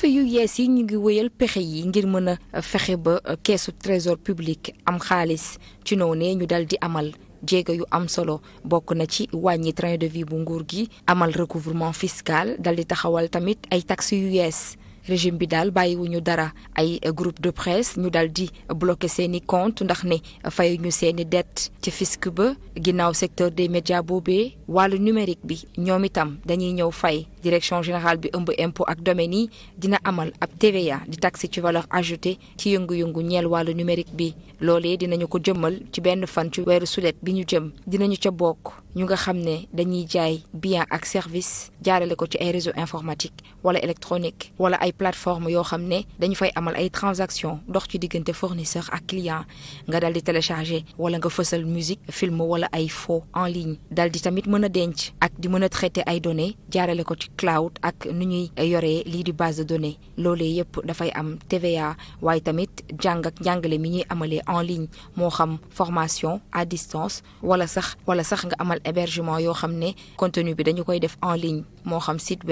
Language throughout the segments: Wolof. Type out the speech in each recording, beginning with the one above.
kilifa yu yees yi ñu ngi woyal pexe yi ngir mën a fexe ba keesu trésor public am xaalis ci noonee ñu dal di amal jéego yu am solo bokk na ci wàññi train de vie bu nguur gi amal recouvrement fiscal dal di taxawal tamit ay taxes yu yees. régime bi daal bàyyiwuñu dara ay groupe de presse ñu daal di bloqué seen i compte ndax ne fayuñu seen i dette ci fisc ba ginnaaw secteur des médias boobee wàllu numérique bi ñoom itam dañuy ñëw fay direction générale bi ëmb impôt ak domaine yi dina amal ab TVA di taxe ci valeur ajoutée ci yëngu-yëngu ñeel wàllu numérique bi loolee dinañu ko jëmmal ci benn fan ci weeru sulet bi ñu jëm dinañu ca bokk ñu nga xam ne dañuy jaay bien ak service jaarale ko ci ay informatique wala électronique wala ay plateforme yoo xam ne dañu fay amal ay transaction dox ci diggante fournisseur ak client nga dal di télécharger wala nga fësal musique film wala ay faux en ligne daal di tamit mën a denc ak di mën a traité ay données jaarale ko ci cloud ak nu ñuy yoree lii di base de données loolee yëpp dafay am TVA waaye tamit jàng ak njàngale mi ñuy amalee en ligne moo xam formation à distance wala sax wala sax nga amal hébergement yoo xam ne contenu bi dañu koy def en ligne moo xam site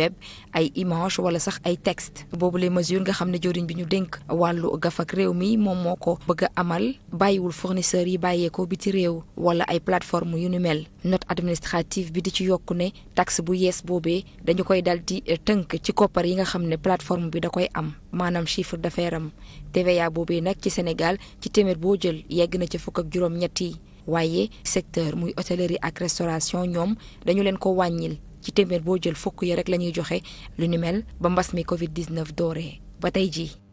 ay image wala sax ay texte boobu les mesures nga xam ne joriñ bi ñu dénk wàllu gaf ak réew mi moom moo ko bëgg amal bàyyiwul fournisseurs yi bàyyeekoo biti réew wala ay plateforme yu nu mel note administrative bi di ci yokk ne tax bu yees boobee dañu koy dal di tënk ci koppar yi nga xam ne plateforme bi da koy am maanaam chiffre d'affaires am TVA boobee nag ci Sénégal ci téeméer boo jël yegg na ci fukk ak juróom-ñett yi waaye secteur muy hôtellerie ak restauration ñoom dañu leen ko wàññil ci téeméer boo jël fokk yi rek la ñuy joxe lu ni mel ba mbas mi Covid 19 dooree ba tey jii.